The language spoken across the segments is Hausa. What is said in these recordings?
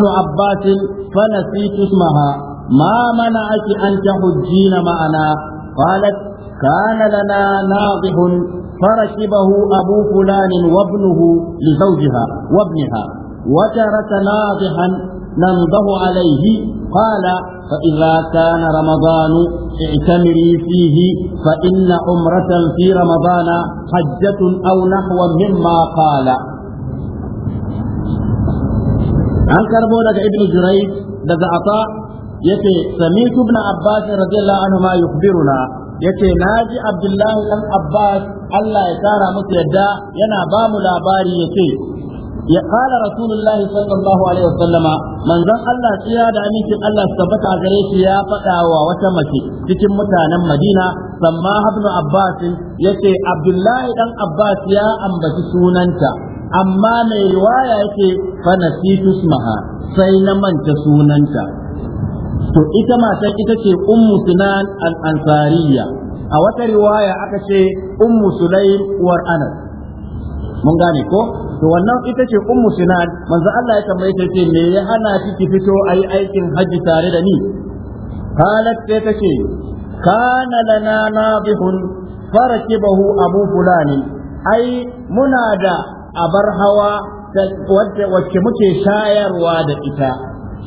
ابن عباس فنسيت اسمها ما منعك أن تحجين معنا قالت كان لنا ناضح فركبه أبو فلان وابنه لزوجها وابنها وترك ناضحا ننضه عليه قال فإذا كان رمضان اعتمري فيه فإن عمرة في رمضان حجة أو نحو مما قال an karbo daga ibnu jurai daga ata yace samitu ibn abbas radiyallahu anhu ma yukhbiruna yace naji abdullahi dan abbas Allah ya kara musu yadda yana ba mu labari yace ya kala rasulullahi sallallahu alaihi wasallama manzon Allah tsira da amincin Allah su tabbata gare shi ya faɗa wa wata mace cikin mutanen Madina sama ibn abbas yace abdullahi dan abbas ya ambaci sunanta amma mai riwaya yake fa nasitu sai na manta sunanta to ita matan ita ce ummu sunan al-ansariya a wata riwaya aka ce ummu sulaim war anas mun gane ko to wannan ita ce ummu sunan manzo Allah ya tambaye ta ce me ya hana ki fito ai aikin haji tare da ni halat sai ta ce kana lana nabihun farakibahu abu fulani ai muna da a bar hawa wacce muke shayarwa da ita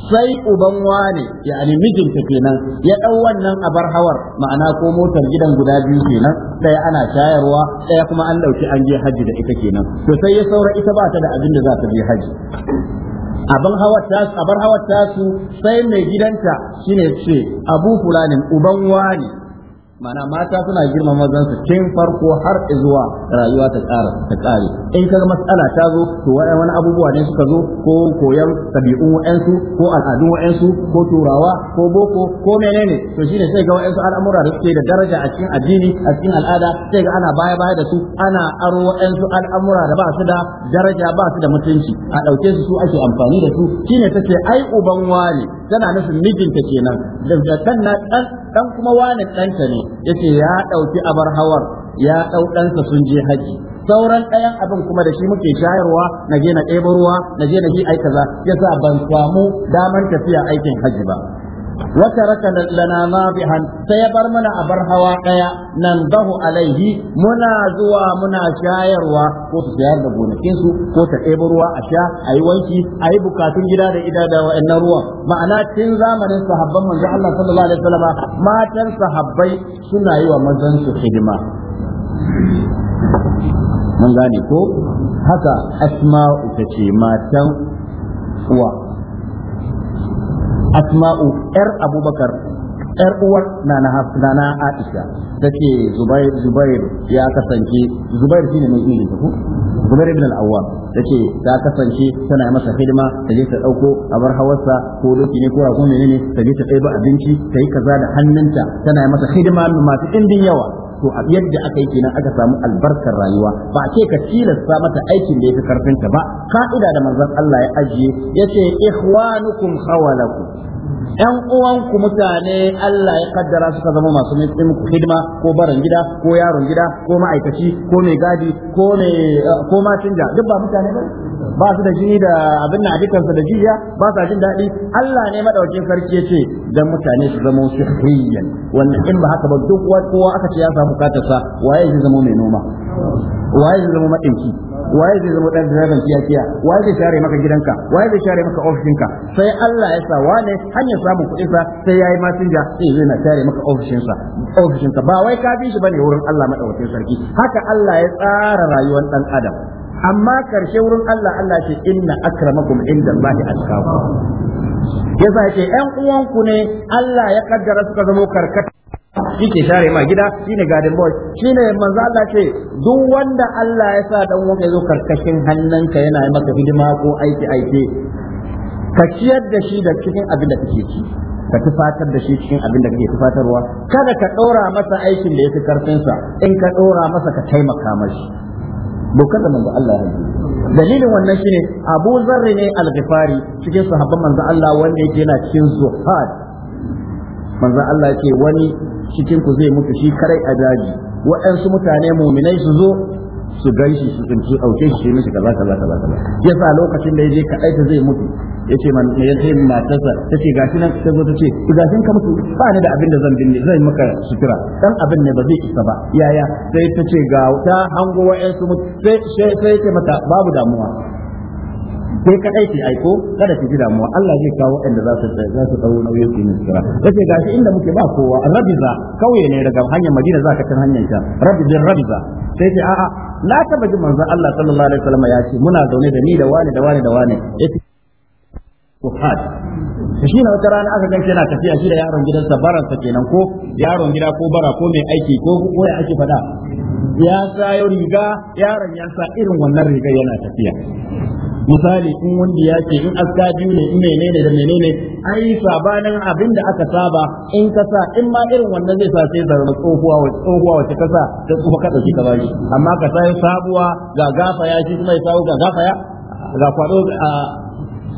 sai uban wane yani mijinta kenan ya ɗau wannan abar hawar ma'ana ko motar gidan guda biyu kenan ɗaya ana shayarwa ɗaya kuma an ɗauki an je hajji da ita kenan to sai ya saura ita ba ta da abin da za ta je hajji abin hawar abar hawar tasu sai mai gidanta shine ce abu fulanin uban wane mana mata suna girma mazan su tun farko har zuwa rayuwa ta tsara ta ƙare in kaga matsala ta zo to wani abubuwa ne suka zo ko koyan tabi'un wa'ansu ko al'adun wa'ansu ko turawa ko boko ko menene to shine sai ga wa'ansu al'amura da suke da daraja a cikin addini a cikin al'ada sai ga ana baya baya da su ana aro wa'ansu al'amura da ba su da daraja ba su da mutunci a ɗauke su su ake amfani da su shine tace ai uban wani tana nufin mijinta kenan da tanna dan kuma wani ɗanta ne yace ya ɗauki abar hawar ya ɗau ɗansa sun je haji sauran ɗayan abin kuma da shi muke shayarwa na je na ɗebo ruwa na je na yi ya yasa ban samu daman tafiya aikin haji ba وترك لنا ناضحا سيبر منا أبر هوا قيا ننضه عليه منا زوا منا شاير و كوت سيار دبونا كنسو قوت إبروا أشا أي ويشي أي بكاتين جدا دا إدا دا وإن روا معنا تنزا من صحبا من الله صلى الله عليه وسلم ما تن صحبي سنة ومزن سخدمة من gane ko haka asma'u ta ce matan asma'u yar abubakar yar uwar na na aisha take zubair zubair ya kasance zubair shine mai ilimi ko zubair ibn al-awwam take ta kasance tana masa hidima ta je ta dauko bar hawarsa ko doki ne ko rago ne ne ta je ta ba abinci ta yi kaza da hannunta tana masa hidima masu ɗimbin yawa to a yadda aka yi kenan aka samu albarkar rayuwa ba a ce ka tilasta mata aikin da fi karfinta ba ka'ida da manzon Allah ya ajiye yace hawa naku. ‘yan uwanku mutane Allah ya kaddara suka zama masu nufin hidima ko barin gida ko yaron gida ko ma'aikaci ko mai gadi ko mai eh, ko da duk ba mutane ba ba su da jini da abin na dukansa da jiya ba sa jin daɗi Allah ne madaukin sarki yace dan mutane su zama sihriyan wannan in ba haka ba duk kowa aka ce ya samu katarsa waye zai zama mai noma waye zai zama madinki waye zai zama dan direban kiya kiya waye zai share maka gidanka waye zai share maka ofishinka sai Allah ya sa wane hanyar samun kuɗin sa sai yayi masinja sai zai na share maka ofishin sa ba wai ka bi shi bane wurin Allah madaukakin sarki haka Allah ya tsara rayuwar dan adam amma karshe wurin Allah Allah ce inna akramakum inda Allah atqakum yasa ce ƴan uwanku ne Allah ya kaddara suka zama karkata shi ke share ma gida shi ne garden boy shi ne manzo Allah ce duk wanda Allah ya sa dan wanka zo karkashin hannanka yana yi maka hidima ko aiki aiki ka ciyar da shi da cikin abin da kake ci ka tufatar da shi cikin abin da kake tufatarwa kada ka ɗora masa aikin da ya fi sa in ka ɗora masa ka taimaka mashi dokar da manzo Allah ya dalilin wannan shine Abu Zarri ne al-Ghifari cikin sahabban manzo Allah wanda yake yana cikin zuhad manzo Allah ya ce wani cikin ku zai mutu shi karai a daji waɗansu mutane muminai su zo su gaishe shi su dauke shi mishi kaza kaza kaza kaza yasa lokacin da yaje kadai ta zai mutu yace mai me yace matarsa tace gashi nan ta zo tace gashin ka mutu ba ni da abin da zan binne zai maka sutura dan abin ne ba zai isa ba yaya sai ce ga ta hango wa'ansu mutu sai ta ce mata babu damuwa sai ka aiki aiko kada ki ji damuwa Allah zai kawo inda za su za su dawo nauyin su ne sira yace gashi inda muke ba kowa rabiza kauye ne daga hanyar Madina za ka kan hanyar ta Rabiza rabiza sai ce a'a na taba ji manzo Allah sallallahu alaihi wasallam ya ce muna zaune da ni da wani da wani da wani yace Fuhad shi ne wata rana aka ganshi yana tafiya shi da yaron gidansa sa kenan ko yaron gida ko bara ko mai aiki ko ko ya ake fada ya sayo riga yaron ya sa irin wannan rigar yana tafiya misali in wanda ya ce in aska biyu ne in menene da menene ai sabanin abin da aka saba in ka sa in ma irin wannan zai sa sai zarar tsohuwa wace tsohuwa wace ka sa ta kuma ka dauki ka amma ka sa sabuwa ga gafa ya shi kuma ya sawo ga gafa ya ga kwado a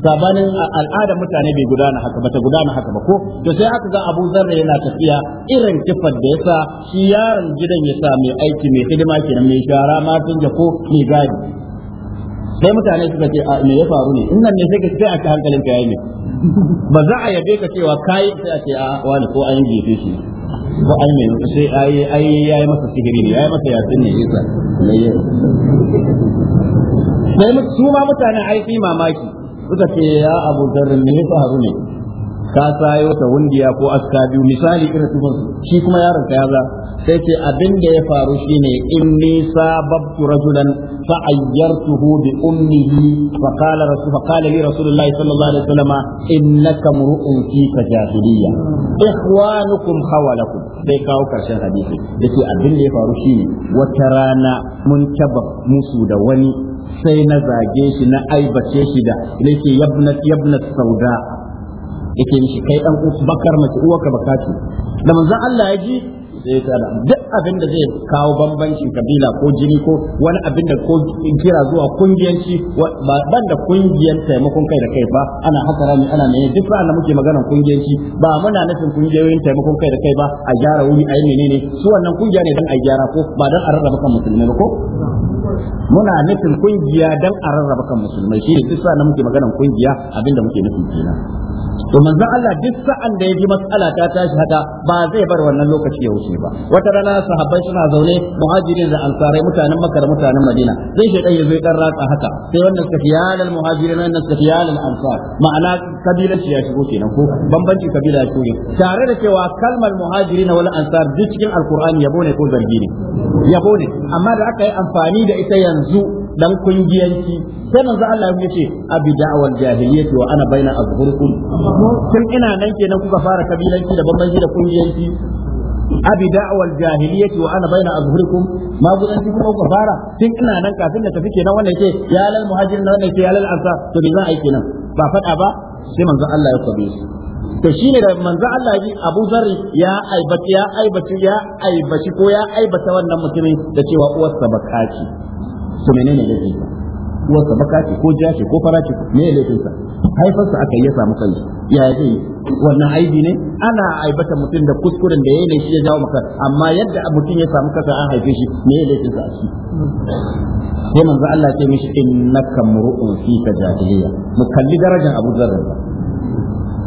sabanin al'adar mutane bai gudana haka ba ta gudana haka ba ko to sai aka ga Abu Zarra yana tafiya irin kifar da yasa shi yaron gidan ya sa mai aiki mai hidima kenan mai shara ma tun ko mai gadi sai mutane suka ce me ya faru ne in nan ne sai ka sai a hankalin ka yayi ne ba za a yabe ka cewa kai sai a ce a wani ko an yi shi ko an ne sai ai ai yayi masa sihiri ne yayi masa yasin ne yasa sai su ma mutanen fi mamaki suka ce ya Abu darrin me ya faru ne ka sayo ta wundiya ko aska biyu misali irin tufan shi kuma yaron ka yaza sai ce abin da ya faru shine in ni sababtu rajulan fa ayyartuhu bi ummihi fa qala rasul fa qala li rasulullahi sallallahu alaihi wasallam innaka mur'un fi jahiliyya ikhwanukum khawalakum sai kawo karshen hadisi dace abin da ya faru shine wata rana mun taba musu da wani sai na zage shi na aibace shi da nake yabnat yabnat sauda yake mishi kai dan bakar mace uwarka baka ce da manzon Allah ya ji sai ta da duk abin da zai kawo bambancin kabila ko jini ko wani abin da ko kira zuwa kungiyanci ban da kungiyan taimakon kai da kai ba ana hasara ne ana ne duk ran da muke magana kungiyanci ba muna nufin kungiyoyin taimakon kai da kai ba a gyara wuri a yi menene su wannan kungiya ne dan a gyara ko ba dan a rarraba kan musulmai ba ko muna nufin kungiya dan a rarraba kan musulmai shi ne duk sa da muke maganar kungiya abinda muke nufi kenan to manzon Allah duk sa'an da yaji mas'ala ta tashi haka ba zai bar wannan lokaci ya wuce aiki ba wata rana sahabbai suna zaune muhajirin da ansarai mutanen makka da mutanen madina sai shaitan ya zo kan ratsa haka sai wannan suka fiyal al muhajirin wannan suka fiyal al ansar ma'ana kabilan ya shigo kenan ko bambanci kabila ya shigo tare da cewa kalmar muhajirin wal ansar duk cikin alqur'ani yabo ne ko zargi ne yabo ne amma da aka yi amfani da ita yanzu dan kungiyanci sai manzo Allah ya ce abi da'wal jahiliyyati wa ana baina azhurikum kun ina nan kenan kuka fara kabilanci da bambanci da kungiyanci abi da'wal jahiliyyati wa ana baina azhurikum ma gudan kuma ku fara tun ina nan kafin na tafi kenan wannan yake ya lal muhajirin wannan yake ya lal ansar to me za a yi kenan ba fada ba sai manzon Allah ya kwabe shi to shine da manzo Allah ya Abu Zar ya aibata ya aibata ya aibaci ko ya aibata wannan mutumin da cewa uwarsa bakaci to menene ne uwarsa baka ce ko jashi ce ko fara ce me ya laifin sa haifar sa aka yi ya samu kansa ya yi wannan aibi ne ana aibata mutum da kuskuren da yayin shi ya jawo maka amma yadda mutum ya samu kansa an haife shi me ya laifin sa a ciki sai manzo Allah ya ce mishi innaka mur'un fi tajahiliya mu kalli darajar Abu Dharr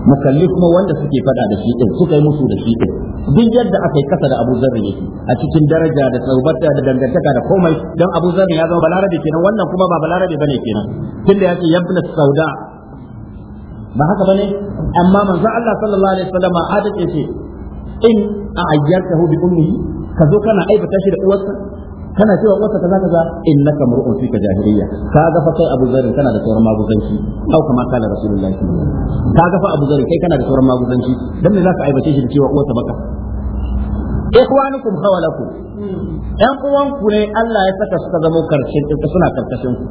mukalli kuma wanda suke fada da shi din suka yi musu da shi din duk yadda aka yi kasa da Abu Zarri yake a cikin daraja da tsaubata da dangantaka da komai dan Abu Zarri ya zama balarabe kenan wannan kuma ba balarabe bane kenan tunda yake yabna sauda ba haka bane amma manzo Allah sallallahu alaihi wasallam adat shi in a hu bi ummi ka zo kana aibata shi da uwarsa kana cewa wata kaza kaza innaka mar'un fi ka jahiliya ka ga fa kai Abu Zarin kana da sauran maguzanci au kama kala Rasulullahi ka ga fa Abu Zarin kai kana da sauran maguzanci dan me zaka aibace shi da cewa wata baka ikhwanukum khawalakum yan ku ne Allah ya saka suka zama karshen suna karkashin ku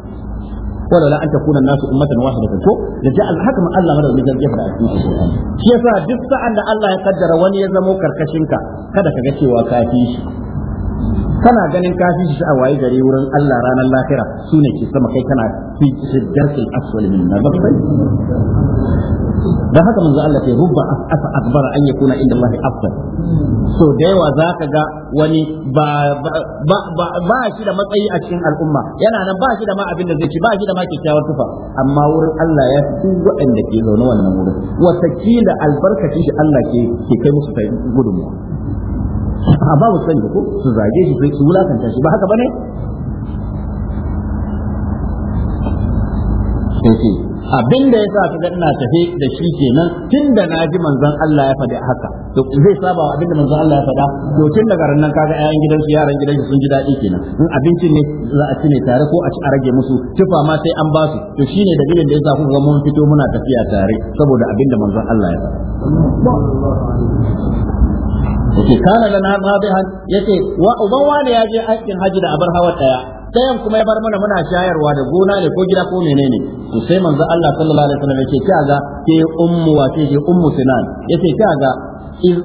ولولا ان تكون الناس امه واحده كو لجاء الحكم الله مدد من جرجه da cikin Qur'ani shi yasa duk sa'an da Allah ya kaddara wani ya zamo karkashin ka kada ka ga cewa ka fi shi kana ganin kafi shi a waye gare wurin Allah ranar lahira su ne ke sama kai kana fi shiddarsul aswal min nar da haka manzo Allah ya rubba asa akbar an yakuna inda Allah afdal so da yawa zaka ga wani ba ba ba shi da matsayi a cikin al'umma yana nan ba shi da ma abin da zai ci ba shi da ma kyakkyawar tufa amma wurin Allah ya fi waɗanda ke zaune wannan wurin wata kila albarkacin shi Allah ke ke kai musu gudunmu. a babu san ko su zage shi sai su wulakanta shi ba haka bane sai Abinda yasa ya sa ka ga ina tafe da shi kenan tun da na ji manzon Allah ya faɗi haka to zai saba wa abinda manzon Allah ya faɗa to tun daga nan kaga gidan gidansu yaran gidansu sun ji daɗi kenan in abincin ne za a ci ne tare ko a ci a rage musu tufa ma sai an ba su to shine dalilin da ya sa ga mun fito muna tafiya tare saboda abinda manzon Allah ya faɗa yake kana lana zabihan yace wa uban wani ya je aikin haji da abar hawa daya dayan kuma ya bar mana muna shayarwa da gona ne ko gida ko menene to sai manzo Allah sallallahu alaihi wasallam yace kaga ke ummu wa ce ke ummu sinan yace kaga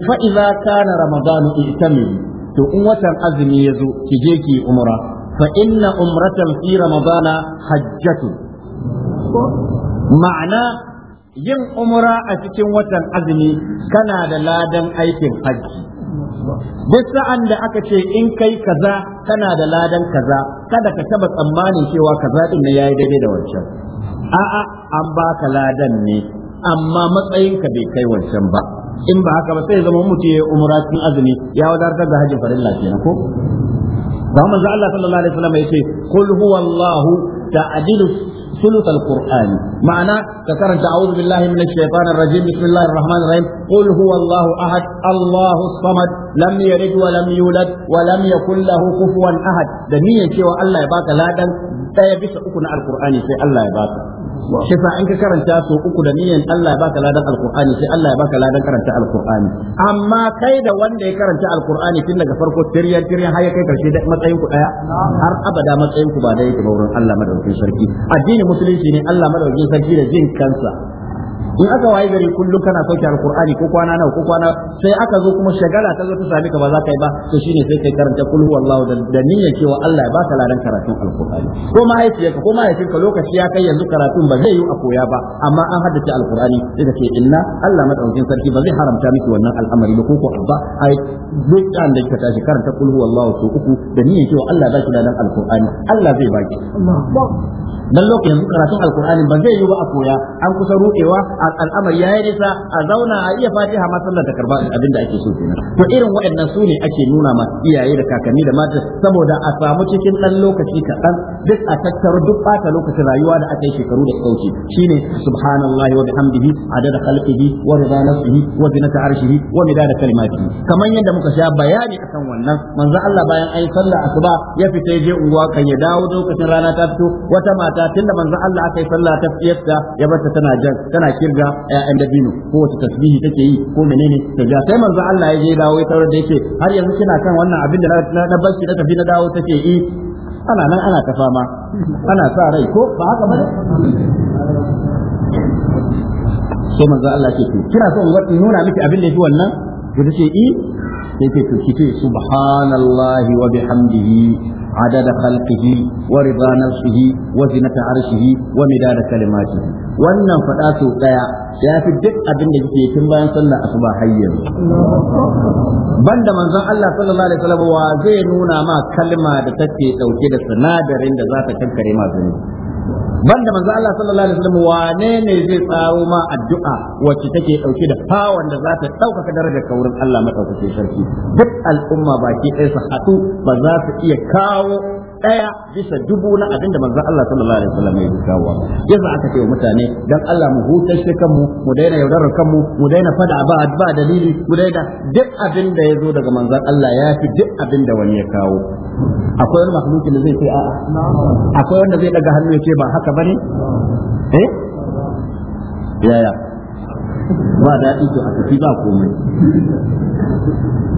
fa idza kana ramadanu itamin to in watan azumi yazo ki je ki umra fa inna umratan fi ramadana hajjatu ma'ana yin umra a cikin watan azumi kana da ladan aikin hajji duk sa'an da aka ce in kai kaza kana da ladan kaza kada ka taba tsammanin cewa kaza din ya yayi daidai da wancan a'a an baka ladan ne amma matsayinka bai kai wancan ba in ba haka ba sai zama mutu ya umra cikin azumi ya wadatar da hajjin farilla kenan ko ba manzo Allah sallallahu alaihi wasallam yace kul huwallahu ta'dilu ثلث القرآن معنى ككرت أعوذ بالله من الشيطان الرجيم بسم الله الرحمن الرحيم قل هو الله أحد الله الصمد لم يلد ولم يولد ولم يكن له كفوا أحد دنيا شوى الله يبارك لا دل تيبس أكون القرآن في الله يبارك shi sa in ka karanta so uku da niyan Allah ya baka ladan alqur'ani sai Allah ya baka ladan karanta alqur'ani amma kai da wanda ya karanta alqur'ani tun daga farko tiryan tiryan har ya kai karshe da matsayin ku daya har abada matsayin ku ba da yake ba wurin Allah madaukakin sarki addinin musulunci ne Allah madaukakin sarki da jin kansa in aka waye gari kullum kana sauke alqur'ani ko kwana nawa ko kwana sai aka zo kuma shagala ta zo ta sami ka ba za ka yi ba to shine sai kai karanta kul huwallahu da niyyar cewa Allah ya baka ladan karatun alqur'ani ko mahaifiyarka ko mahaifinka lokaci ya kai yanzu karatun ba zai yi a koya ba amma an haddace alqur'ani sai ka ce inna Allah madaukakin sarki ba zai haramta miki wannan al'amari ba ko ko ba ai duk da ka tashi karanta kul huwallahu su uku da niyyar cewa Allah zaki ladan alqur'ani Allah zai baki dan lokacin karatun alqur'ani ba zai yi ba a koya an kusa ruɗewa al'amari ya yi nisa a zauna a iya fatiha ma sallar da karba abin da ake so kenan to irin waɗannan su ne ake nuna ma iyaye da kakanni da mata saboda a samu cikin ɗan lokaci kaɗan duk a tattaro duk ɓata lokacin rayuwa da aka yi shekaru da sauki shine subhanallahi wa bihamdihi adada khalqihi wa rida nafsihi wa zinata arshihi wa midada kalimatihi kamar yadda muka sha bayani akan wannan manzo Allah bayan ayi sallar asuba ya fita je unguwa kan ya dawo lokacin rana ta fito wata mata tunda manzo Allah aka yi sallah ta fiyarta ya ta tana jan tana kirga ya'yan dabino ko wace tasbihi take yi ko menene ta sai manzo Allah ya je dawo ya da yake har yanzu kina kan wannan abin da na barci na tafi na dawo take yi ana nan ana ta fama ana sa rai ko ba haka ba sai manzo Allah ce kina son in nuna miki abin da yafi wannan ku tace i eh. sai to wa bihamdihi عدد خلقه ورضا نفسه وزنة عرشه ومداد كلماته wannan faɗa sau ɗaya ya fi duk abin da kike tun bayan sallar asuba hayyar banda manzon Allah sallallahu alaihi wasallam wa zai nuna ma kalma da take dauke da sinadarin da za ta kankare ma zunubi banda manzon Allah sallallahu alaihi wasallam wane ne zai tsaro ma addu'a wacce take dauke da fawon da za ta daukaka darajar ka wurin Allah madaukakin sarki duk al'umma baki ɗaya su haɗu ba za su iya kawo daya bisa dubu na abinda manzon Allah sallallahu alaihi wasallam ya kawo yasa aka ce wa mutane dan Allah mu hutar shi kanmu mu daina yaudarar kanmu mu daina fada ba ba dalili mu daina duk abin da ya zo daga manzon Allah ya fi duk abin da wani ya kawo akwai wani makhluki da zai ce a'a akwai wanda zai daga hannu ya ce ba haka bane eh yaya ba daɗi to a tafi ba komai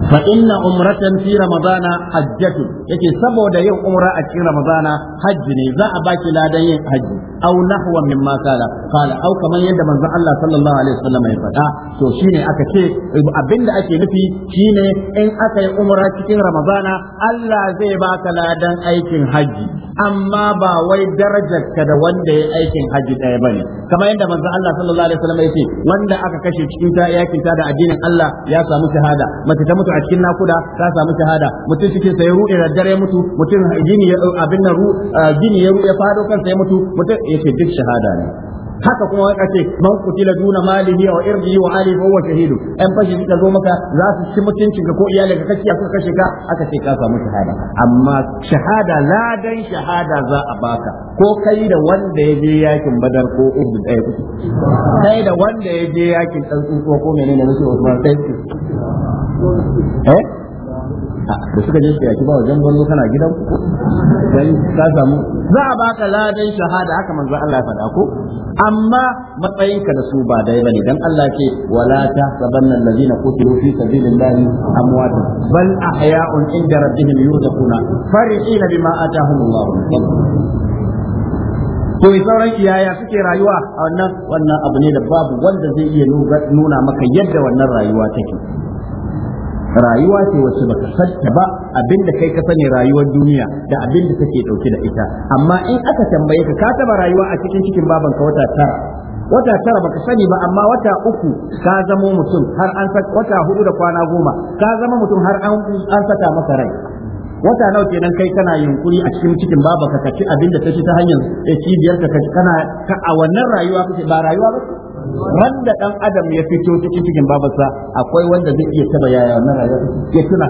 fa inna umratan fi ramadana hajjatu yake saboda yin umra a cikin ramadana hajji ne za a baki ladan yin hajji aw nahwa mimma kala kala aw kamar yadda manzon Allah sallallahu alaihi wasallam ya faɗa to shine aka ce abinda ake nufi shine in aka yi umra cikin ramadana Allah zai baka ladan aikin hajji amma ba wai ka da wanda ya aikin hajji ɗaya bane kamar yadda manzon Allah sallallahu alaihi wasallam ya ce wanda aka kashe cikin ta yakin ta da addinin Allah ya samu shahada mace ta mutu a cikin nakuda ta samu shahada mutum cikin sa ya ruɗe da dare mutu mutum gini abin nan gini ya ruɗe fado kansa ya mutu mutum ce duk shahada ne haka kuma waka ce man kutila duna malihi wa irdihi wa ali fa huwa shahidu an fashi suka zo maka za su ci mutuncin ka ko iyalin ka kashi aka kashe ka aka ce ka samu shahada amma shahada dan shahada za a baka ko kai da wanda ya je yakin badar ko uhud ɗaya eh, kuke kai da wanda ya je yakin dan tsuntsuwa ko menene ne Usman sai eh da suka je su yaki ba wajen banzo kana gidan dan ka samu za a baka ladan shahada haka manzo Allah ya faɗa ko amma matsayinka da su ba dai bane dan Allah ce wala tahsabanna alladhina qutilu fi sabilillahi amwat bal ahya'un inda rabbihim yurzaquna farihina bima atahumullah to sauran kiyaya suke rayuwa a wannan wannan abu ne da babu wanda zai iya nuna maka yadda wannan rayuwa take rayuwa ce wacce baka santa ba abinda kai ka sani rayuwar duniya da abinda take dauke da ita amma in aka tambaye ka ka taba rayuwa a cikin cikin babanka wata tara wata tara baka sani ba amma wata uku ka zamo mutum har an wata hudu da kwana goma ka zama mutum har an saka maka rai wata nawa kenan kai kana yunkuri a cikin cikin babanka ka abin da ta ta hanyar eh, cibiyar ka kana ka a wannan rayuwa kace ba rayuwa ba ran da dan adam ya fito cikin cikin babarsa akwai wanda zai iya taba yaya wannan rayuwar ya tuna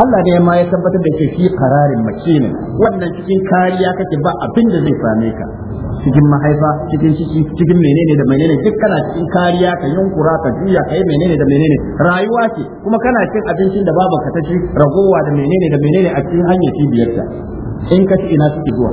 Allah ne ma ya tabbatar da shi kararin makini wannan cikin kariya kake ba abin da zai same ka cikin mahaifa cikin ciki cikin menene da menene duk kana cikin kariya ka yunkura ka juya kai menene da menene rayuwa ce kuma kana cin abincin da babanka ta ci ragowa da menene da menene a cikin hanyar cibiyarta in ka ci ina suke zuwa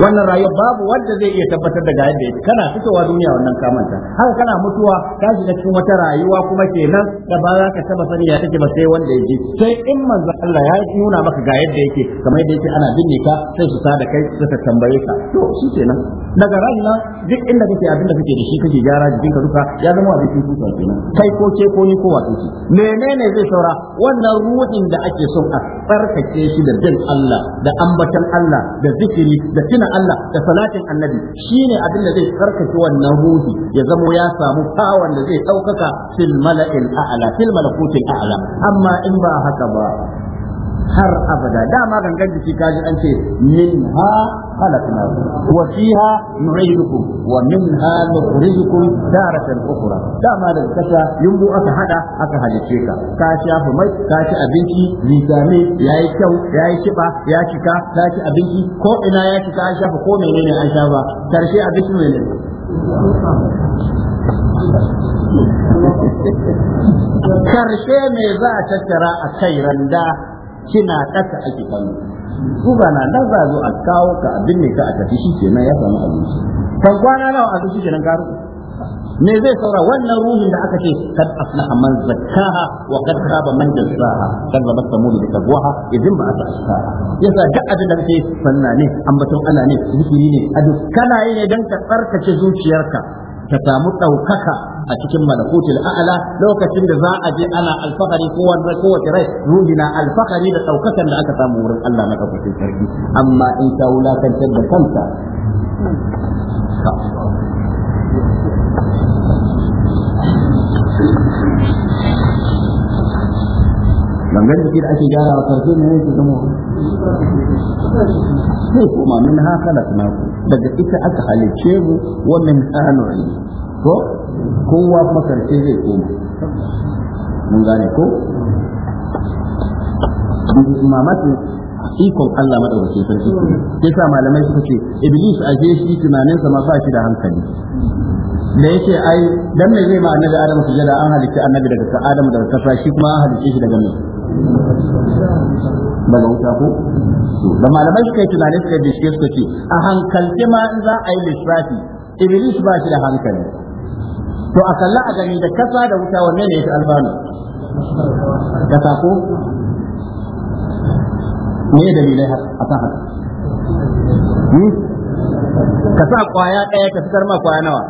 wannan rayuwa babu wanda zai iya tabbatar da ga yadda yake kana fitowa duniya wannan kamanta haka kana mutuwa ka shiga cikin wata rayuwa kuma kenan da ba za ka taba sani ya take ba sai wanda yake sai in manzo Allah ya nuna maka ga yadda yake kamar yadda yake ana binne ka sai su sada kai su ta tambaye ka to shi kenan daga ranar duk inda kake abin da kake da shi kake gyara jikin ka duka ya zama abin tutuwa kenan kai ko ke ko ni ko wato ce menene zai saura wannan ruhin da ake son a tsarkake shi da jin Allah da ambatan Allah da zikiri da tuna Allah da salatin annabi shine abin da zai tsarkake wannan ruhi ya zamo ya samu kawan da zai ɗaukaka fil mala'il a'la fil malakutil a'la amma in ba haka ba har abada dama gangan jiki kaji an ce minha khalaqnakum wa fiha nu'idukum wa minha nukhrijukum daratan ukhra dama da kasa yumbu aka hada aka halice ka ka shafa mai ka ci abinci vitamin yayi kyau yayi kiba ya cika ka ci abinci ko ina ya cika an shafa ko menene an shafa karshe abinci menene karshe me za a tattara a kai randa kina kasa ake kallo guga na nan za zo a kawo ka abin ne ka a tafi shi kenan ya samu abinci kan kwana nawa a shi kenan karu me zai saura wannan ruhin da aka ce kad aflaha man zakkaha wa kad khaba man dassaha kan zaba samudu da tagwaha idan ba a asha yasa duk abin da kake sanna ne ambaton Allah ne zikiri ne a duk kana yi ne dan ka tsarkace zuciyarka ta samu ɗaukaka a cikin malakutul a'la lokacin da za a je ana alfahari ko wanda ko wace rai ruhi na alfahari da ɗaukakan da aka samu wurin Allah na kafin sarki amma in ta wulakantar da kanka gangan jiki da ake gyara karfe karfi ne yake zama sai kuma min ha khalaqna daga ita aka halice mu wa min anu'i ko kowa kuma karfe zai koma mun gane ko mamaki ikon Allah madaukake sarki sai sa malamai suka ce iblis a je shi tunaninsa ma ba shi da hankali da yake ai dan me zai ma annabi Adam jada an halicci annabi daga Adam daga kasa shi kuma an halicce shi daga mai daga wuta ko da malamai suka yi tunanin suka bincike suka ce a hankalce ma za a yi lissafi iblis ba shi da hankali to a kalla a gani da kasa da wuta wanne ne ya fi albanu kasa ko me dalilai a kan haka hmm? ka sa kwaya ɗaya ka fitar ma kwaya nawa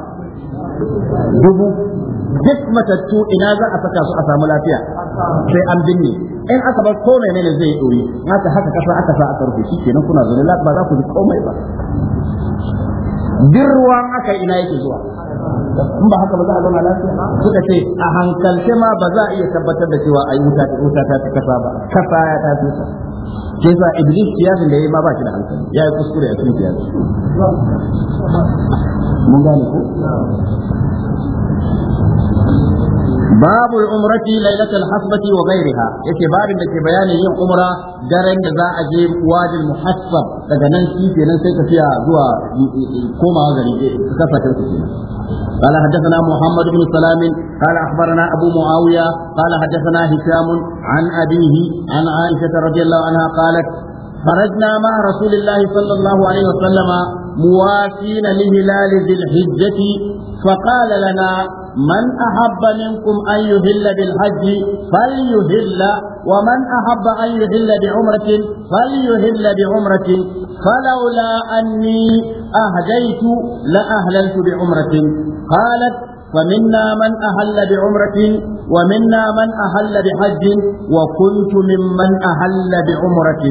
dubu duk matattu ina za a saka su a samu lafiya sai an binne in aka bar komai ne zai yi dori haka haka kasa aka sa aka rufe shi kenan kuna zuri ba za ku ji komai ba duk ruwan aka ina yake zuwa in ba haka ba za a zama lafiya suka ce a hankalce ma ba za a iya tabbatar da cewa yi wuta ta wuta ta kasa ba kasa ya ta fi ta ke sa iblis siyasin da yi ma ba shi da hankali ya yi kuskure a cikin siyasin. mun gane ku باب العمرة ليلة الحصبة وغيرها يكي باب da ke bayanin yin umra daren da za a je wajin muhassab daga nan shi kenan sai tafiya zuwa komawa gari kasashen su kenan قال حدثنا محمد بن سلام قال اخبرنا ابو معاويه قال حدثنا هشام عن ابيه عن عائشه رضي الله عنها قالت خرجنا مع رسول الله صلى الله عليه وسلم مواسين لهلال ذي الحجه فقال لنا من أحب منكم أن يهل بالحج فليهل ومن أحب أن يهل بعمرة فليهل بعمرة فلولا أني أهديت لأهللت بعمرة قالت فمنا من أهل بعمرة ومنا من أهل بحج وكنت ممن أهل بعمرة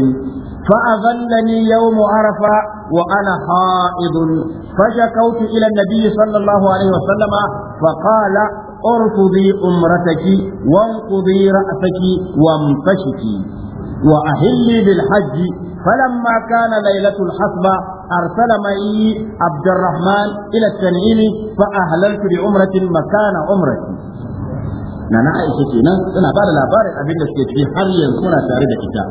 فأظلني يوم عرفة وأنا حائض فشكوت إلى النبي صلى الله عليه وسلم فقال ارفضي أمرتك وانقضي رأسك وامتشكي وأهلي بالحج فلما كان ليلة الحصبة أرسل معي عبد الرحمن إلى التنعيم فأهللت بعمرة مكان عمرتي nana Aisha kenan suna ba da labarin abin da suke ciki har yanzu muna tare da ita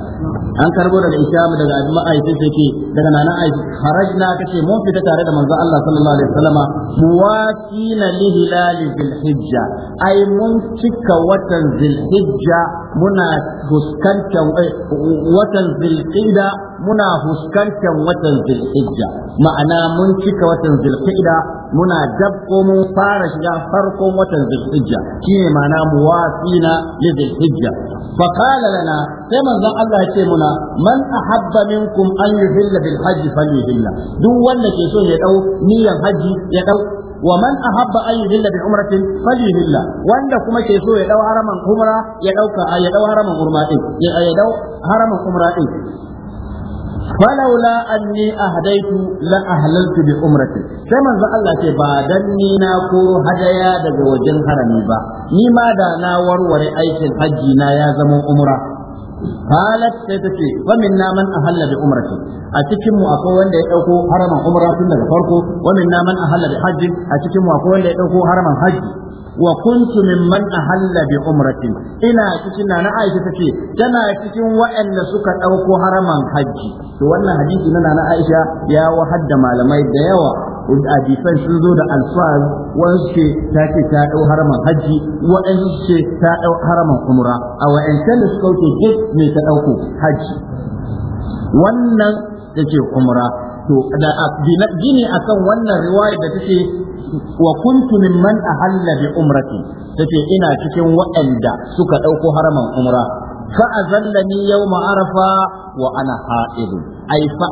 an karbo daga mu daga Abin Aisha sai ke daga nana Aisha kharajna kace mun fita tare da manzon Allah sallallahu alaihi wasallama muwakina li hilal bil hijja ai mun cika watan zil hijja muna fuskantar eh, watan zil qida muna fuskantar watan zulhijja ma'ana mun cika watan zulhijja muna dab ko mun fara shiga farkon watan zulhijja shine ma'ana mu muwafina li zulhijja fa qala lana sai manzon Allah ya ce muna man ahabba minkum an yuhilla bil hajji falyuhilla duk wanda ke so ya dau niyyar hajji ya dau ومن أحب أن يهل بعمرة فليهل وأن كما كيسو ya حرما عمرة يدو يدو حرما عمرة يدو حرما عمرة falaula anni ahdaitu la ahlaltu bi umrati sai manzo Allah ce ba dan ni na koro hadaya daga wajen harami ba ni ma da na warware aikin hajji na ya zama umra qalat sai ta ce wa minna man ahalla bi umrati a cikin mu akwai wanda ya dauko haraman umra tun daga farko wa minna man ahalla bi hajji a cikin mu akwai wanda ya dauko haraman hajji wa kuntu mimman ahalla bi umrati ina cikin na Aisha tace tana cikin waɗanda suka ɗauko haraman hajji. to wannan hadisi na na Aisha ya wahadda malamai da yawa hadisan sun zo da alfaz wasu ce ta ce ta ɗau haraman hajji waɗansu ce ta ɗau haraman umra a wa'ancan suka wuce duk me ta ɗauko hajji wannan ta ce umra to da gini akan wannan riwaya da take wa kuntu mimman ahalla bi umrati take ina cikin waɗanda suka ɗauko haraman umra fa azallani yawma arafa wa ana ha'ilu ai fa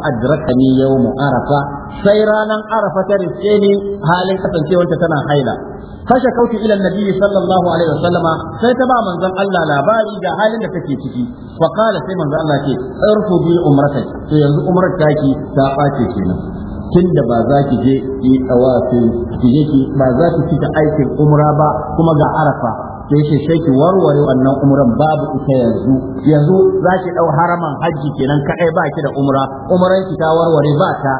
yau mu arafa sai ranan arafa ta riske ni halin kasancewarta tana haila فشكوت الى النبي صلى الله عليه وسلم sai ta ba الله Allah labari جا halin da take ciki wa qala sai manzo Allah ce irfudi umratak to yanzu umrar taki ta bace kenan tunda ba za ki je yi tawafi ki je ki ba za ki fita aikin umra ba kuma ga arafa sai ce sai ki warware wannan umran babu ita yanzu yanzu za ki dau haraman hajji kenan kaɗai ba ki da umra umran ki ta warware ba ta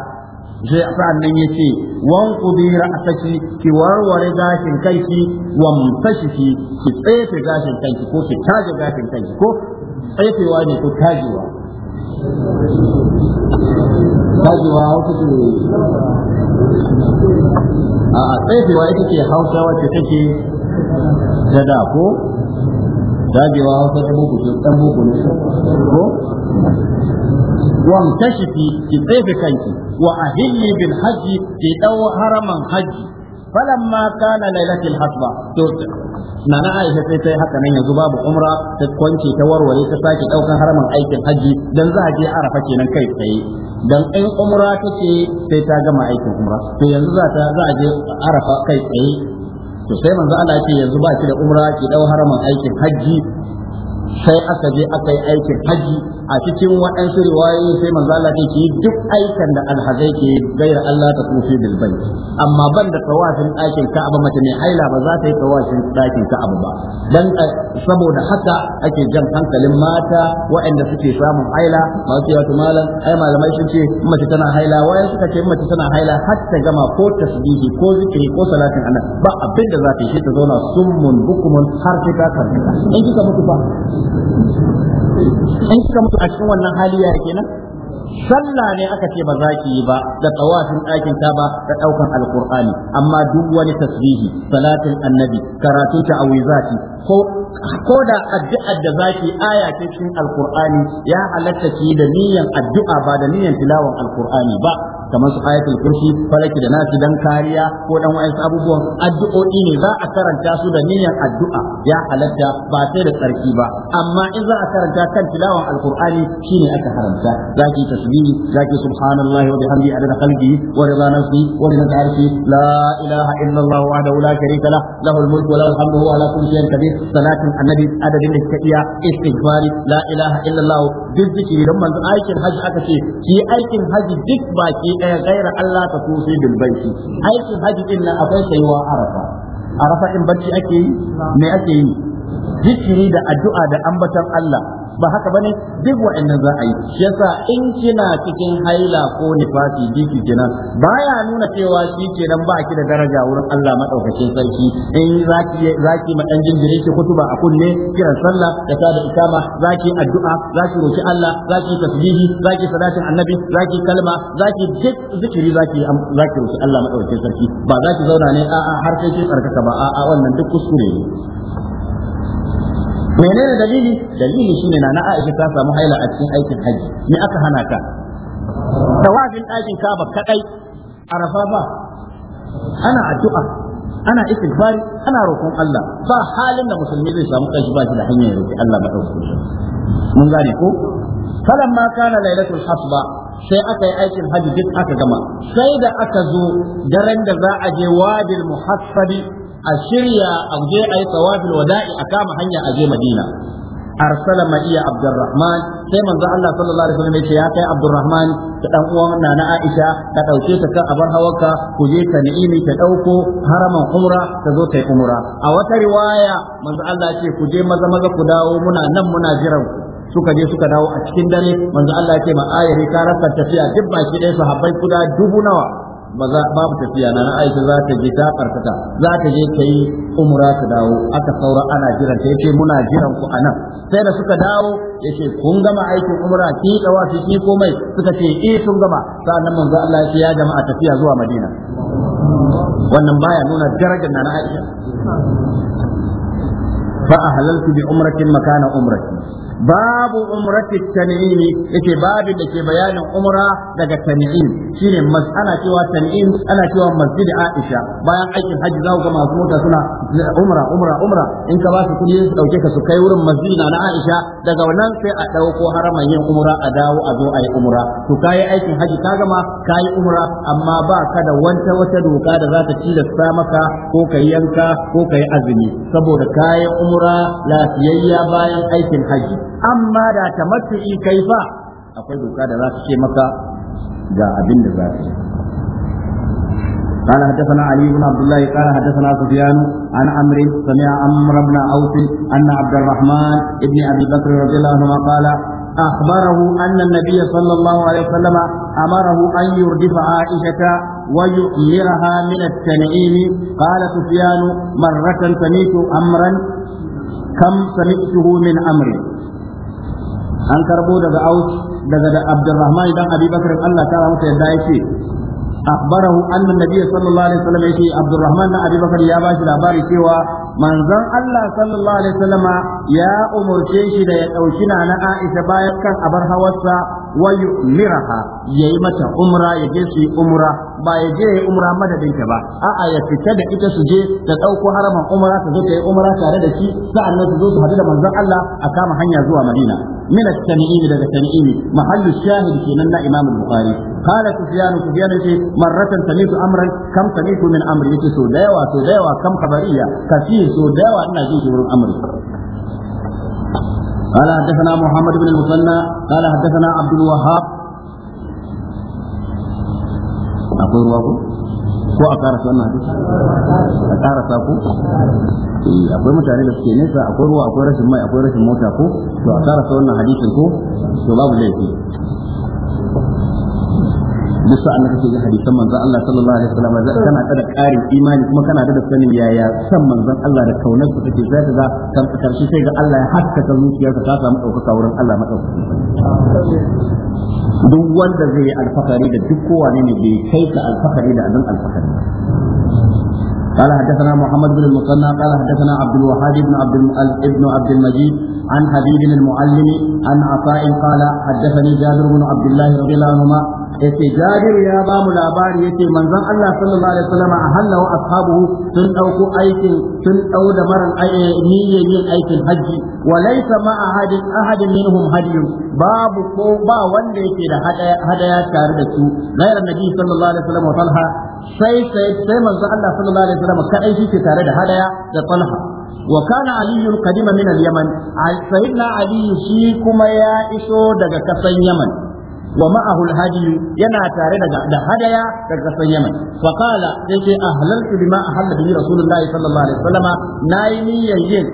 sai sa'annan yace wan qubi ra'asaki ki warware gashin kanki wa mutashiki ki tsefe gashin kanki ko ki taje gashin kanki ko tsefewa ne ko tajewa tajewa wata ce a tsefewa ita ce hausa wacce take ta da ko dajewa hausa ta muku ce dan muku ne ko wamtashifi ki tsefe kanki wa ahilli bil hajji ki dau haraman hajji falamma kana lailatul hasba to nana Aisha sai sai haka nan yanzu babu umra ta kwance ta warware ta sake daukan haraman aikin haji dan za a je Arafa kenan kai tsaye dan ɗan umra ta ce sai ta gama aikin umra to yanzu za ta za a je Arafa kai tsaye to sai manzo Allah ya yanzu ba ki da umra ki dau haramin aikin hajji sai aka je aka yi aikin haji a cikin waɗansu riwayoyi sai manzo Allah ke yi duk aikan da alhazai ke gaira Allah ta kufi bil bait amma ban da tawafin ɗakin Ka'aba mace mai haila ba za ta yi tawafin ɗakin Ka'aba ba dan eh, saboda haka ake jan hankalin mata waɗanda suke samun haila masu yawa malam ai malamai sun ce mace tana haila wayan suka ce mace tana haila har ta gama ko tasbihi ko zikiri ko salatin Allah ba abin da za ta yi ta zauna summun bukumun har ta karkata in kika mutu ba in kika mutu a cikin wannan hali ya kenan sallah ne aka ce ba za ki yi ba da tsawafin ɗakin ba da ɗaukan alkur'ani amma duk wani tasbihi salatin annabi karatu ta awizati ko ko da addu'ar da zaki aya ce cikin alkur'ani ya halatta ki da niyyar addu'a ba da niyyar tilawan alkur'ani ba kamar su ayatul kursi falaki da nasi dan kariya ko dan wayansu abubuwan addu'o'i ne za a karanta su da niyyar addu'a ya halatta ba sai da tsarki ba amma in za a karanta kan tilawan alqur'ani shine aka haramta zaki tasbihi zaki subhanallahi wa bihamdi adada qalbi wa rida nafsi wa rida arshi la ilaha illallah allah wahdahu la sharika lah lahu almulku wa lahu alhamdu wa ala kulli shay'in qadir salatin annabi adadin da istighfar la ilaha illallah allah duk zikiri dan manzo aikin haji aka ce ki aikin haji duk baki gaira Allah ta tusi bil baiti aikin haji din nan akwai saiwa arafa arafa in bacci ake yi me ake yi zikiri da addu'a da ambatan Allah ba haka bane duk wa'annan za a yi shi yasa in kina cikin haila ko nifasi biki kenan baya nuna cewa shi nan ba ki da daraja wurin Allah madaukakin sarki in zaki zaki ma dan jinjire ki kutuba a kunne kiran sallah da ta da ikama zaki addu'a zaki roki Allah zaki tasbihi zaki salatin annabi zaki kalma zaki duk zikiri zaki zaki roki Allah madaukakin sarki ba zaki zauna ne a'a har sai ki tsarkaka ba a'a wannan duk kuskure ne menene dalili dalili shine na na Aisha ta samu haila a cikin aikin haji me aka hana ta tawafin ɗakin Ka'aba kadai Arafa ba ana addu'a ana istighfari ana roƙon Allah ba halin da musulmi zai samu kanshi ba shi da hanyar roƙi Allah ba mun gane ko falamma kana lailatul hasba sai aka yi aikin hajji duk aka gama sai da aka zo daren da za a je wadil muhassabi a shirya a je a yi tsawafin wada'i a kama hanya a je madina arsala madiya abdurrahman sai manzo Allah sallallahu alaihi wasallam ya kai abdurrahman da dan uwan nana Aisha ka dauke ta kan abar hawaka ku je ta ni'imi ta dauko haraman umra ta zo ta umra a wata riwaya manzo Allah ce ku je maza maza ku dawo muna nan muna jiran ku suka je suka dawo a cikin dare manzo Allah ce ma ayyari ka rasa tafiya dubba baki dai sahabbai kuda dubu nawa babu tafiya na na Aisha za ta je ta farkata za ta je ta yi umra ta dawo aka saura ana jiran ta yace muna jiran ku anan sai da suka dawo yace kun gama aikin umra ki dawa ki ki komai suka ce eh sun gama sannan manzo Allah ya jama'a tafiya zuwa Madina wannan baya nuna darajar na na Aisha fa ahlaltu bi umratin makana umrati babu umrati tan'imi yake babin da ke bayanin umra daga tan'im shine mas'ala cewa tan'im ana cewa masjid Aisha bayan aikin hajji za ga masu mota suna umra umra umra in ka ba su kuɗi su dauke ka su kai wurin masjid na Aisha daga nan sai a dauko haraman yin umra a dawo a zo a yi umra to kayi aikin hajji ka gama kai umra amma ba ka da wata wata doka da za ta tilasta maka ko kai yanka ko kai azumi saboda kayan umra lafiyayya bayan aikin hajji amma da tamattu'i kai fa akwai doka da za su ce maka ga abin da za su yi قال حدثنا علي بن عبد الله قال حدثنا سفيان عن عمرو سمع عمرو بن اوس ان عبد الرحمن بن ابي بكر رضي الله عنهما قال اخبره ان النبي صلى الله عليه وسلم امره ان يردف عائشه ويؤمرها من التنعيم قال سفيان مره سمعت امرا كم سمعته من امر an karbo daga aus daga abdurrahman dan abi bakr Allah ta masa yadda yake akbarahu anna nabiyyi sallallahu alaihi wasallam yake abdurrahman dan abi bakr ya bashi labari cewa manzon Allah sallallahu alaihi wasallama ya umurce shi da ya dauki na Aisha bayan kan abar hawarsa wa yu'miraha yayi mata umra ya je su yi umra ba ya je yi umra madadin ta ba a'a ya fita da ita su je ta dauko haraman umra ta zo ta yi umra tare da shi sa'annan su zo su hadu da manzon Allah a kama hanya zuwa Madina min at-tamiimi daga tamiimi mahallu shahid kenan na Imam Bukhari قال سفيان سفيان يجي مرة سميت أمرا كم سميت من أمر يجي سوداوة سوداوة كم خبرية كثير سوداوة دايوا أنا جيت من أمري قال حدثنا محمد بن المثنى قال حدثنا عبد الوهاب أقول الله ko a karasa wannan hadisi a karasa ko akwai mutane da suke nesa akwai ruwa akwai rashin mai akwai rashin mota ko to a karasa wannan hadisin ko to babu laifi duk sa'an da kake ga hadisan manzon Allah sallallahu alaihi wasallam kana da ƙarin imani kuma kana da sanin yaya san manzon Allah da kaunar sa take sai ga kan karshe sai ga Allah ya haskaka zuciyarka ta samu ɗaukaka wurin Allah madaukaki duk wanda zai yi alfakari da duk kowane ne bai kai ka alfakari da abin alfakari قال حدثنا محمد بن المثنى قال حدثنا عبد الوهاب بن عبد ابن عبد المجيد عن حبيب المعلم عن عطاء قال حدثني جابر بن عبد الله رضي الله عنهما yace Jabir ya ba mu labari yace manzon Allah sallallahu alaihi wasallam ahalla wa ashabuhu sun dauko aikin sun dau da maran eh, niyyar yin aikin haji wa laysa ma ahadin ahadin minhum hadiyun babu ko ba wanda yake da hadaya tare da su gairar nabi sallallahu alaihi wasallam wa talha sai sai sai manzon Allah sallallahu alaihi wasallam kadai shi tare da hadaya da talha وكان علي قديما من اليمن سيدنا علي شي كما يا إسو دغ كسن يمن wa ma'ahu yana tare da da hadaya daga kasan sai-sai a yace ahlaltu bima ahalla bi rasulullahi sallallahu alaihi wasallama nayi niyyar yin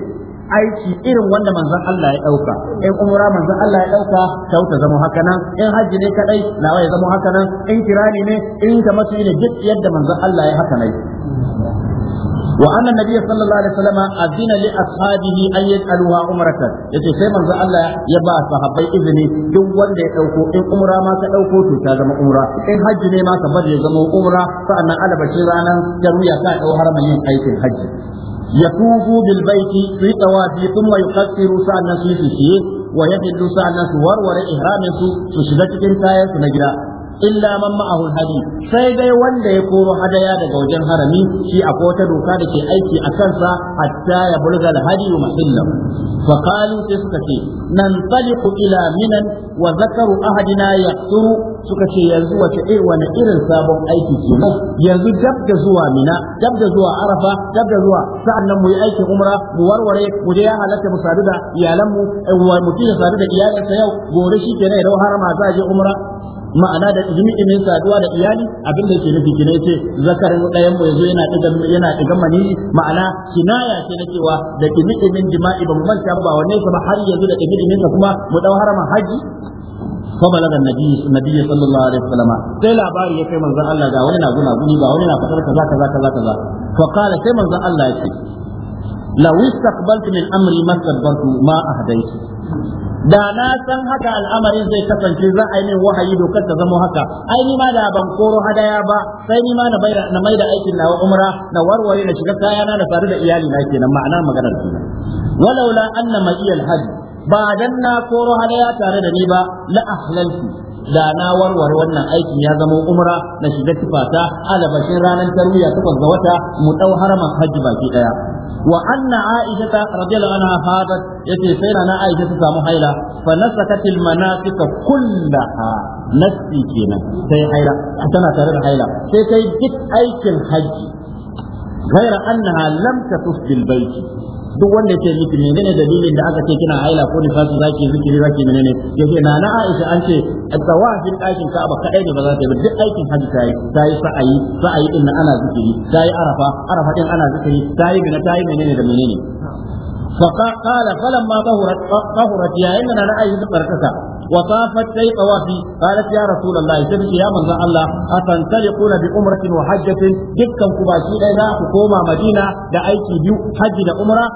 aiki irin wanda manzon Allah ya ɗauka. in umra manzon Allah ya ɗauka, kyauta zama haka nan in hajji ne kaɗai, nawa ya zama haka nan in kirani ne in ta mace ne duk yadda manzon Allah ya haka nan wa anna nabiyyi sallallahu alaihi wasallam azina li ashabihi an yaj'aluha umratan yace sai manzo Allah ya ba sahabbai izini duk wanda ya ɗauko. in umra ma ka dauko to ta zama umra in hajji ne ma ka bari ya zama umra sa'annan albashi ranan jaruya ka dau haramin yin aikin hajji يطوفوا بالبيت في طوافي ثم يقصر سعى الناس في su سعى الناس ورور إحرام سو تشدت كنتاية نجرا illa man ma'ahu hadi sai dai wanda ya koro hadaya daga wajen harami shi akwai wata doka da ke aiki a kansa hatta ya bulga al-hadi mahallahu fa qalu sai suka ce nan taliqu ila minan wa zakaru ahadina yaqturu suka ce yanzu wace eh wani irin sabon aiki ke mai yanzu dab da zuwa mina dab da zuwa arafa dab da zuwa nan mu yi aikin umra mu warware mu je ya halatta mu sadu da iyalan eh, mu mu sadu da iyalansa yau gobe shi kenan ya dau harama za a je umra ma'ana da mai saduwa da iyali abin da yake nufi kina yace zakarin ɗayan mu yazo yana diga yana diga mani ma'ana kinaya ce na cewa da min jima'i ba mu manta ba wanne ba har yanzu da min ka kuma mu dau harama haji fa balaga nabi nabi sallallahu alaihi wasallam sai labari ya kai manzon Allah ga wani na guna guni ba wani na fatar kaza kaza kaza kaza fa qala sai manzon Allah ya ce law da na san haka al'amarin zai kasance za a yi min wahayi dokar ta zama haka ai ni ma da ban koro hadaya ba sai ni ma na maida na maida aikin nawa umra na warware na shiga kayana na tare da iyali na kenan ma'ana maganar kenan walaula anna ma'iyal hajj ba dan na koro hadaya tare da ni ba la ahlaltu da na warware wannan aikin ya zama umra na shiga tufata alabashin ranar tarwiya takwas ga wata mu dau haraman hajji baki daya wa anna aisha radiyallahu anha hadat yace sai na aisha ta samu haila fa nasakatil manasika kullaha nasi kenan sai haila tana tare da haila sai kai duk aikin hajji غير أنها لم تطف بالبيت duk wanda ya miki menene dalilin da aka ce kina haila ko ni fasu zaki zikiri zaki menene yace na na Aisha an ce tawafin ɗakin Ka'aba kadai ne ba za ta yi duk aikin hajji tayi, tayi ta sa'ayi sa'ayi din ana zikiri tayi arafa arafa din ana zikiri tayi yi mina menene da menene فقال فلما طهرت طهرت يا اننا راي بركتك وطافت شيء طوافي قالت يا رسول الله سبت يا من الله أتنطلقون بأمرة وحجة دكا كباشي لنا حكومة مدينة دا أيكي بيو حج دا أمرة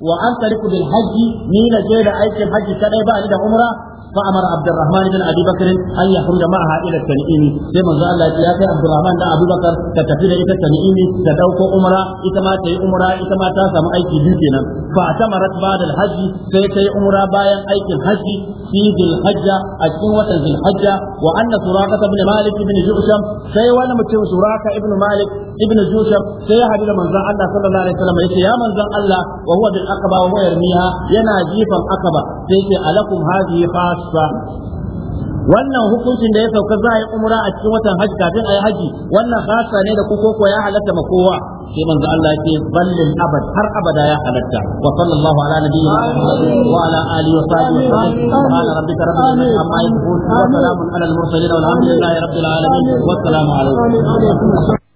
wa an tariku bil hajji ni na je da aikin hajji kadai ba ni da umra فأمر عبد الرحمن بن أبي بكر أن يخرج معها إلى التنعيم سيما زال الله يا عبد الرحمن بن أبي بكر تتفيد إلى التنعيم تدوك أمرا إتما تي أمرا إتما تاسم أيكي بيكنا فاعتمرت بعد الحج سيتي أمرا بايا أيكي الحج في ذي الحجة أجنوة ذي الحجة وأن سراقة بن مالك بن جوشم سيوان متو سراقة ابن مالك ابن جوشم سيحد من زال الله صلى الله عليه وسلم يا من زال الله وهو بالأقبى وهو يرميها ينا جيفا أقبى سيتي ألكم هذه خاص khassa wannan hukuncin da ya sauka za a yi umra a cikin watan haji kafin a yi haji wannan khasa ne da ku ko ya halatta ma kowa sai manzo Allah ya ce ballin abad har abada ya halatta wa sallallahu ala nabiyyi wa ala alihi wa sahbihi wa sallam rabbika rabbil izzati amma yakun wa salamun ala al mursalin wa alhamdulillahi rabbil alamin wa wassalamu alaykum